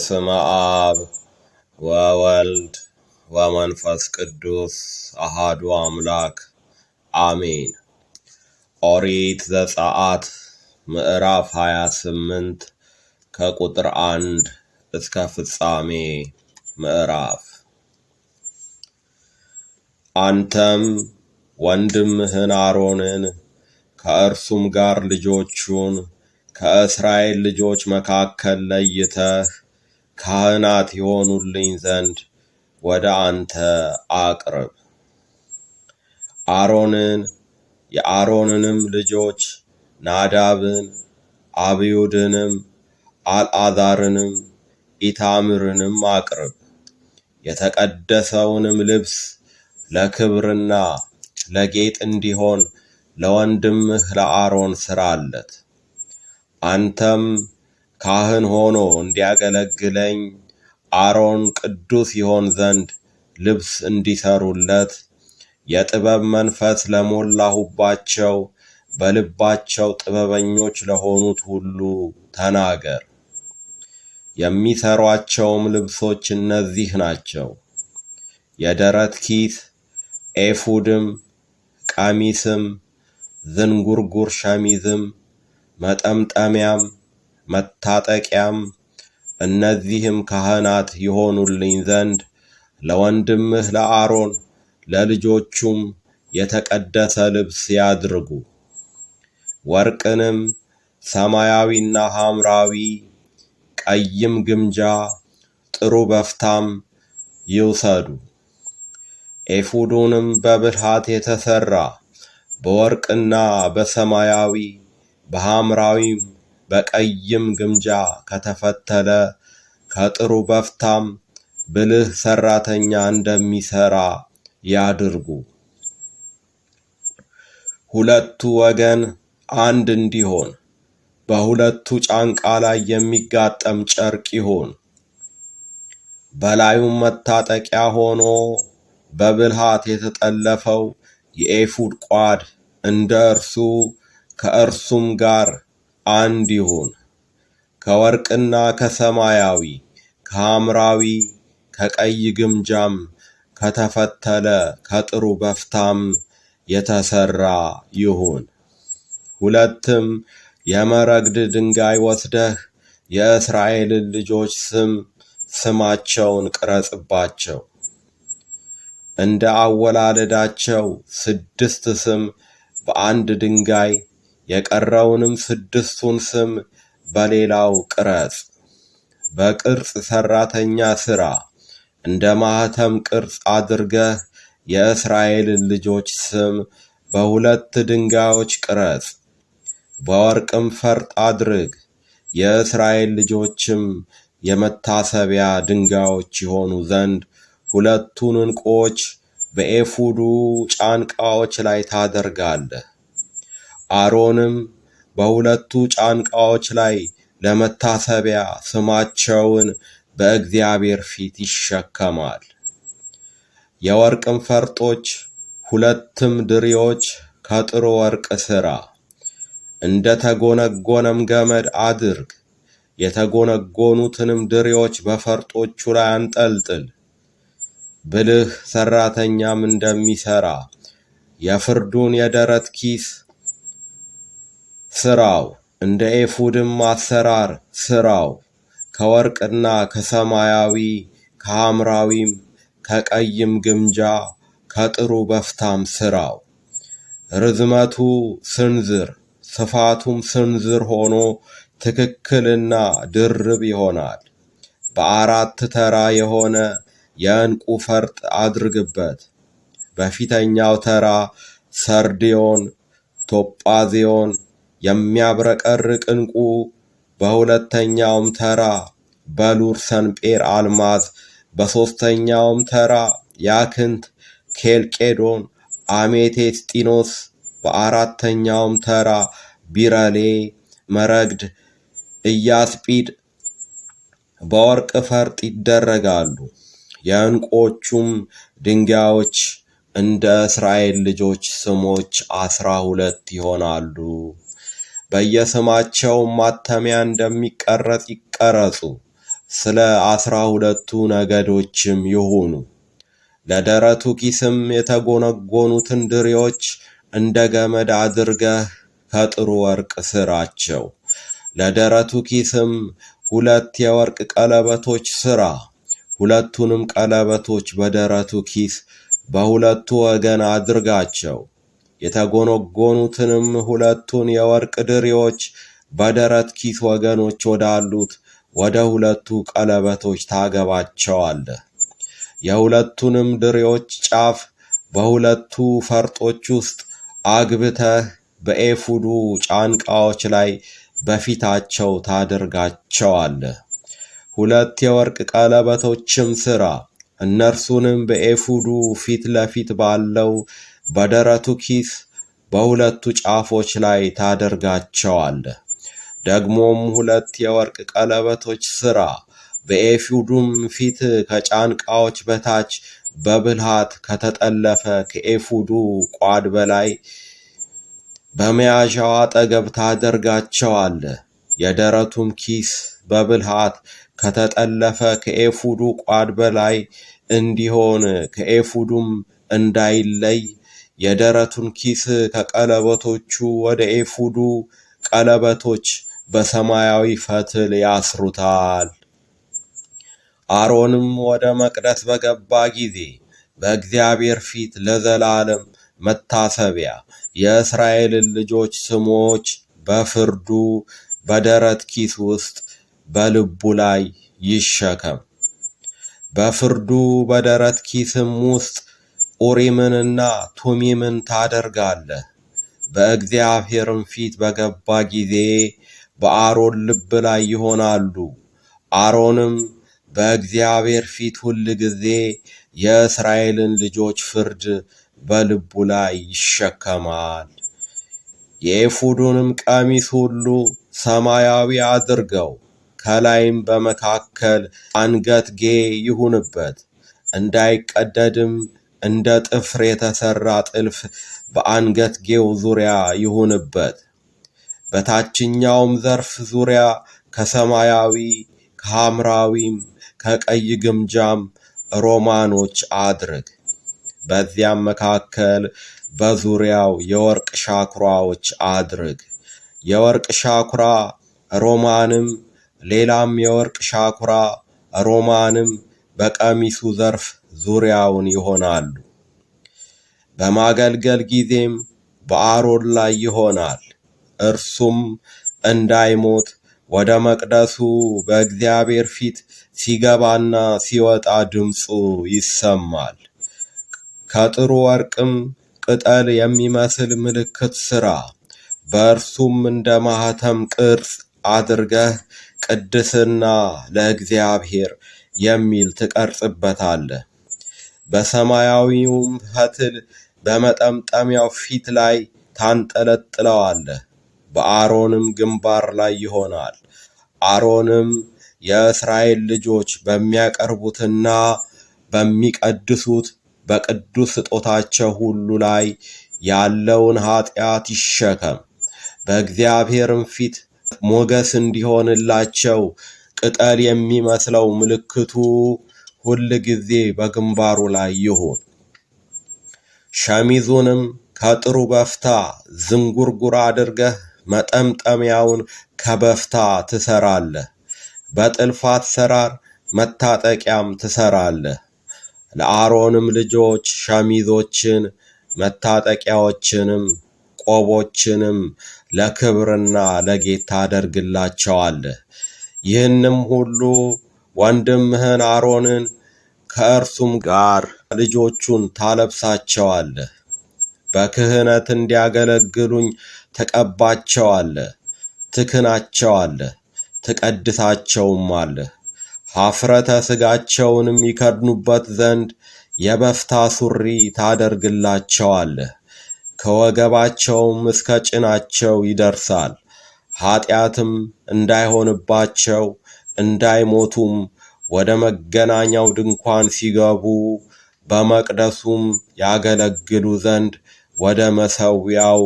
በስመ አብ ወወልድ ወመንፈስ ቅዱስ አሃዱ አምላክ አሜን። ኦሪት ዘጸአት ምዕራፍ 28 ከቁጥር 1 እስከ ፍጻሜ ምዕራፍ። አንተም ወንድምህን አሮንን ከእርሱም ጋር ልጆቹን ከእስራኤል ልጆች መካከል ለይተህ ካህናት የሆኑልኝ ዘንድ ወደ አንተ አቅርብ። አሮንን የአሮንንም ልጆች ናዳብን፣ አብዩድንም፣ አልአዛርንም፣ ኢታምርንም አቅርብ። የተቀደሰውንም ልብስ ለክብርና ለጌጥ እንዲሆን ለወንድምህ ለአሮን ስራለት። አንተም ካህን ሆኖ እንዲያገለግለኝ አሮን ቅዱስ ይሆን ዘንድ ልብስ እንዲሰሩለት የጥበብ መንፈስ ለሞላሁባቸው በልባቸው ጥበበኞች ለሆኑት ሁሉ ተናገር። የሚሰሯቸውም ልብሶች እነዚህ ናቸው። የደረት ኪስ፣ ኤፉድም፣ ቀሚስም፣ ዝንጉርጉር ሸሚዝም፣ መጠምጠሚያም መታጠቂያም እነዚህም ካህናት ይሆኑልኝ ዘንድ ለወንድምህ ለአሮን ለልጆቹም የተቀደሰ ልብስ ያድርጉ። ወርቅንም ሰማያዊና ሐምራዊ ቀይም ግምጃ ጥሩ በፍታም ይውሰዱ። ኤፉዱንም በብልሃት የተሠራ በወርቅና በሰማያዊ በሐምራዊም በቀይም ግምጃ ከተፈተለ ከጥሩ በፍታም ብልህ ሰራተኛ እንደሚሰራ ያድርጉ። ሁለቱ ወገን አንድ እንዲሆን በሁለቱ ጫንቃ ላይ የሚጋጠም ጨርቅ ይሆን። በላዩም መታጠቂያ ሆኖ በብልሃት የተጠለፈው የኤፉድ ቋድ እንደ እርሱ ከእርሱም ጋር አንድ ይሁን ከወርቅና ከሰማያዊ ከሐምራዊ ከቀይ ግምጃም ከተፈተለ ከጥሩ በፍታም የተሰራ ይሁን። ሁለትም የመረግድ ድንጋይ ወስደህ የእስራኤልን ልጆች ስም ስማቸውን ቅረጽባቸው። እንደ አወላለዳቸው ስድስት ስም በአንድ ድንጋይ የቀረውንም ስድስቱን ስም በሌላው ቅረጽ። በቅርጽ ሠራተኛ ሥራ እንደ ማኅተም ቅርጽ አድርገህ የእስራኤልን ልጆች ስም በሁለት ድንጋዮች ቅረጽ። በወርቅም ፈርጥ አድርግ። የእስራኤል ልጆችም የመታሰቢያ ድንጋዮች ይሆኑ ዘንድ ሁለቱን ዕንቁዎች በኤፉዱ ጫንቃዎች ላይ ታደርጋለህ። አሮንም በሁለቱ ጫንቃዎች ላይ ለመታሰቢያ ስማቸውን በእግዚአብሔር ፊት ይሸከማል። የወርቅም ፈርጦች ሁለትም ድሪዎች ከጥሩ ወርቅ ሥራ እንደ ተጎነጎነም ገመድ አድርግ። የተጎነጎኑትንም ድሪዎች በፈርጦቹ ላይ አንጠልጥል። ብልህ ሠራተኛም እንደሚሠራ የፍርዱን የደረት ኪስ ሥራው እንደ ኤፉድም አሰራር ሥራው ከወርቅና ከሰማያዊ ከሐምራዊም ከቀይም ግምጃ ከጥሩ በፍታም ሥራው ርዝመቱ ስንዝር ስፋቱም ስንዝር ሆኖ ትክክልና ድርብ ይሆናል። በአራት ተራ የሆነ የእንቁ ፈርጥ አድርግበት። በፊተኛው ተራ ሰርዲዮን፣ ቶጳዚዮን የሚያብረቀርቅ ዕንቁ በሁለተኛውም ተራ በሉር ሰንጴር አልማዝ በሦስተኛውም ተራ ያክንት ኬልቄዶን አሜቴስጢኖስ በአራተኛውም ተራ ቢረሌ መረግድ እያስጲድ በወርቅ ፈርጥ ይደረጋሉ። የዕንቆቹም ድንጋዮች እንደ እስራኤል ልጆች ስሞች አስራ ሁለት ይሆናሉ። በየስማቸው ማተሚያ እንደሚቀረጽ ይቀረጹ። ስለ አስራ ሁለቱ ነገዶችም ይሁኑ። ለደረቱ ኪስም የተጎነጎኑትን ድሪዎች እንደ ገመድ አድርገህ ከጥሩ ወርቅ ስራቸው። ለደረቱ ኪስም ሁለት የወርቅ ቀለበቶች ስራ። ሁለቱንም ቀለበቶች በደረቱ ኪስ በሁለቱ ወገን አድርጋቸው። የተጎነጎኑትንም ሁለቱን የወርቅ ድሪዎች በደረት ኪስ ወገኖች ወዳሉት ወደ ሁለቱ ቀለበቶች ታገባቸዋለህ። የሁለቱንም ድሪዎች ጫፍ በሁለቱ ፈርጦች ውስጥ አግብተህ በኤፉዱ ጫንቃዎች ላይ በፊታቸው ታደርጋቸዋለህ። ሁለት የወርቅ ቀለበቶችም ሥራ። እነርሱንም በኤፉዱ ፊት ለፊት ባለው በደረቱ ኪስ በሁለቱ ጫፎች ላይ ታደርጋቸዋለህ። ደግሞም ሁለት የወርቅ ቀለበቶች ሥራ። በኤፉዱም ፊት ከጫንቃዎች በታች በብልሃት ከተጠለፈ ከኤፉዱ ቋድ በላይ በመያዣው አጠገብ ታደርጋቸዋለህ። የደረቱም ኪስ በብልሃት ከተጠለፈ ከኤፉዱ ቋድ በላይ እንዲሆን ከኤፉዱም እንዳይለይ የደረቱን ኪስ ከቀለበቶቹ ወደ ኤፉዱ ቀለበቶች በሰማያዊ ፈትል ያስሩታል። አሮንም ወደ መቅደስ በገባ ጊዜ በእግዚአብሔር ፊት ለዘላለም መታሰቢያ የእስራኤልን ልጆች ስሞች በፍርዱ በደረት ኪስ ውስጥ በልቡ ላይ ይሸከም። በፍርዱ በደረት ኪስም ውስጥ ኡሪምንና ቱሚምን ታደርጋለህ። በእግዚአብሔርም ፊት በገባ ጊዜ በአሮን ልብ ላይ ይሆናሉ። አሮንም በእግዚአብሔር ፊት ሁል ጊዜ የእስራኤልን ልጆች ፍርድ በልቡ ላይ ይሸከማል። የኤፉዱንም ቀሚስ ሁሉ ሰማያዊ አድርገው ከላይም በመካከል አንገትጌ ይሁንበት እንዳይቀደድም እንደ ጥፍር የተሰራ ጥልፍ በአንገትጌው ዙሪያ ይሁንበት። በታችኛውም ዘርፍ ዙሪያ ከሰማያዊ ከሐምራዊም ከቀይ ግምጃም ሮማኖች አድርግ። በዚያም መካከል በዙሪያው የወርቅ ሻኩራዎች አድርግ። የወርቅ ሻኩራ ሮማንም ሌላም የወርቅ ሻኩራ ሮማንም በቀሚሱ ዘርፍ ዙሪያውን ይሆናሉ። በማገልገል ጊዜም በአሮን ላይ ይሆናል። እርሱም እንዳይሞት ወደ መቅደሱ በእግዚአብሔር ፊት ሲገባና ሲወጣ ድምፁ ይሰማል። ከጥሩ ወርቅም ቅጠል የሚመስል ምልክት ሥራ፣ በእርሱም እንደ ማኅተም ቅርጽ አድርገህ ቅድስና ለእግዚአብሔር የሚል ትቀርጽበታለህ። በሰማያዊውም ፈትል በመጠምጠሚያው ፊት ላይ ታንጠለጥለዋለህ፣ በአሮንም ግንባር ላይ ይሆናል። አሮንም የእስራኤል ልጆች በሚያቀርቡትና በሚቀድሱት በቅዱስ ስጦታቸው ሁሉ ላይ ያለውን ኃጢአት ይሸከም፣ በእግዚአብሔርም ፊት ሞገስ እንዲሆንላቸው ቅጠል የሚመስለው ምልክቱ ሁል ጊዜ በግንባሩ ላይ ይሁን። ሸሚዙንም ከጥሩ በፍታ ዝንጉርጉር አድርገህ መጠምጠሚያውን ከበፍታ ትሰራለህ። በጥልፍ አሰራር መታጠቂያም ትሰራለህ። ለአሮንም ልጆች ሸሚዞችን መታጠቂያዎችንም ቆቦችንም ለክብርና ለጌታ አደርግላቸዋለህ። ይህንም ሁሉ ወንድምህን አሮንን ከእርሱም ጋር ልጆቹን ታለብሳቸዋለህ፣ በክህነት እንዲያገለግሉኝ ተቀባቸዋለህ፣ ትክናቸዋለህ፣ ትቀድሳቸውም አለህ። ኀፍረተ ሥጋቸውንም ይከድኑበት ዘንድ የበፍታ ሱሪ ታደርግላቸዋለህ፣ ከወገባቸውም እስከ ጭናቸው ይደርሳል። ኀጢአትም እንዳይሆንባቸው እንዳይሞቱም ወደ መገናኛው ድንኳን ሲገቡ በመቅደሱም ያገለግሉ ዘንድ ወደ መሠዊያው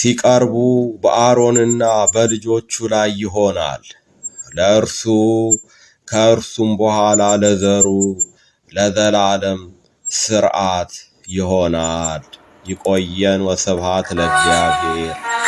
ሲቀርቡ በአሮንና በልጆቹ ላይ ይሆናል። ለእርሱ ከእርሱም በኋላ ለዘሩ ለዘላለም ስርዓት ይሆናል። ይቆየን። ወስብሐት ለእግዚአብሔር።